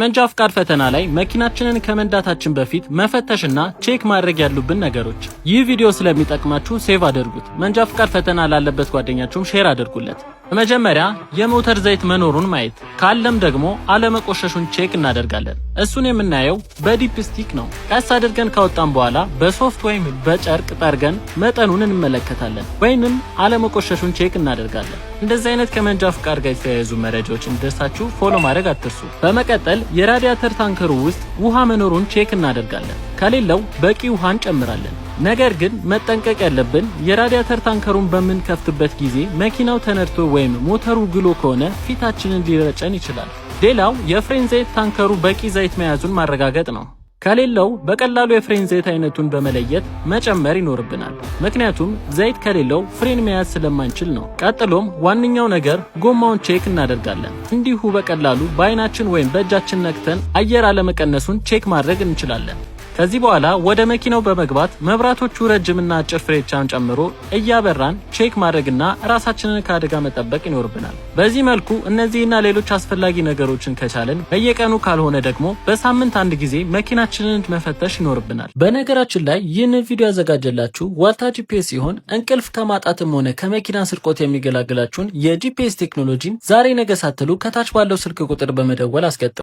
መንጃ ፍቃድ ፈተና ላይ መኪናችንን ከመንዳታችን በፊት መፈተሽና ቼክ ማድረግ ያሉብን ነገሮች። ይህ ቪዲዮ ስለሚጠቅማችሁ ሴቭ አድርጉት። መንጃ ፍቃድ ፈተና ላለበት ጓደኛችሁም ሼር አድርጉለት። በመጀመሪያ የሞተር ዘይት መኖሩን ማየት ካለም ደግሞ አለመቆሸሹን ቼክ እናደርጋለን። እሱን የምናየው በዲፕስቲክ ነው። ቀስ አድርገን ካወጣን በኋላ በሶፍት ወይም በጨርቅ ጠርገን መጠኑን እንመለከታለን፣ ወይንም አለመቆሸሹን ቼክ እናደርጋለን። እንደዚህ አይነት ከመንጃ ፍቃድ ጋር የተያያዙ መረጃዎች እንደርሳችሁ ፎሎ ማድረግ አትርሱ። በመቀጠል የራዲያተር ታንከሩ ውስጥ ውሃ መኖሩን ቼክ እናደርጋለን። ከሌለው በቂ ውሃ እንጨምራለን። ነገር ግን መጠንቀቅ ያለብን የራዲያተር ታንከሩን በምንከፍትበት ጊዜ መኪናው ተነድቶ ወይም ሞተሩ ግሎ ከሆነ ፊታችንን ሊረጨን ይችላል። ሌላው የፍሬን ዘይት ታንከሩ በቂ ዘይት መያዙን ማረጋገጥ ነው። ከሌለው በቀላሉ የፍሬን ዘይት አይነቱን በመለየት መጨመር ይኖርብናል። ምክንያቱም ዘይት ከሌለው ፍሬን መያዝ ስለማንችል ነው። ቀጥሎም ዋነኛው ነገር ጎማውን ቼክ እናደርጋለን። እንዲሁ በቀላሉ በአይናችን ወይም በእጃችን ነክተን አየር አለመቀነሱን ቼክ ማድረግ እንችላለን። ከዚህ በኋላ ወደ መኪናው በመግባት መብራቶቹ ረጅምና አጭር ፍሬቻን ጨምሮ እያበራን ቼክ ማድረግና ራሳችንን ከአደጋ መጠበቅ ይኖርብናል። በዚህ መልኩ እነዚህና ሌሎች አስፈላጊ ነገሮችን ከቻለን በየቀኑ ካልሆነ ደግሞ በሳምንት አንድ ጊዜ መኪናችንን መፈተሽ ይኖርብናል። በነገራችን ላይ ይህንን ቪዲዮ ያዘጋጀላችሁ ዋልታ ጂፒኤስ ሲሆን እንቅልፍ ከማጣትም ሆነ ከመኪና ስርቆት የሚገላግላችሁን የጂፒኤስ ቴክኖሎጂን ዛሬ ነገ ሳትሉ ከታች ባለው ስልክ ቁጥር በመደወል አስገጥሙ።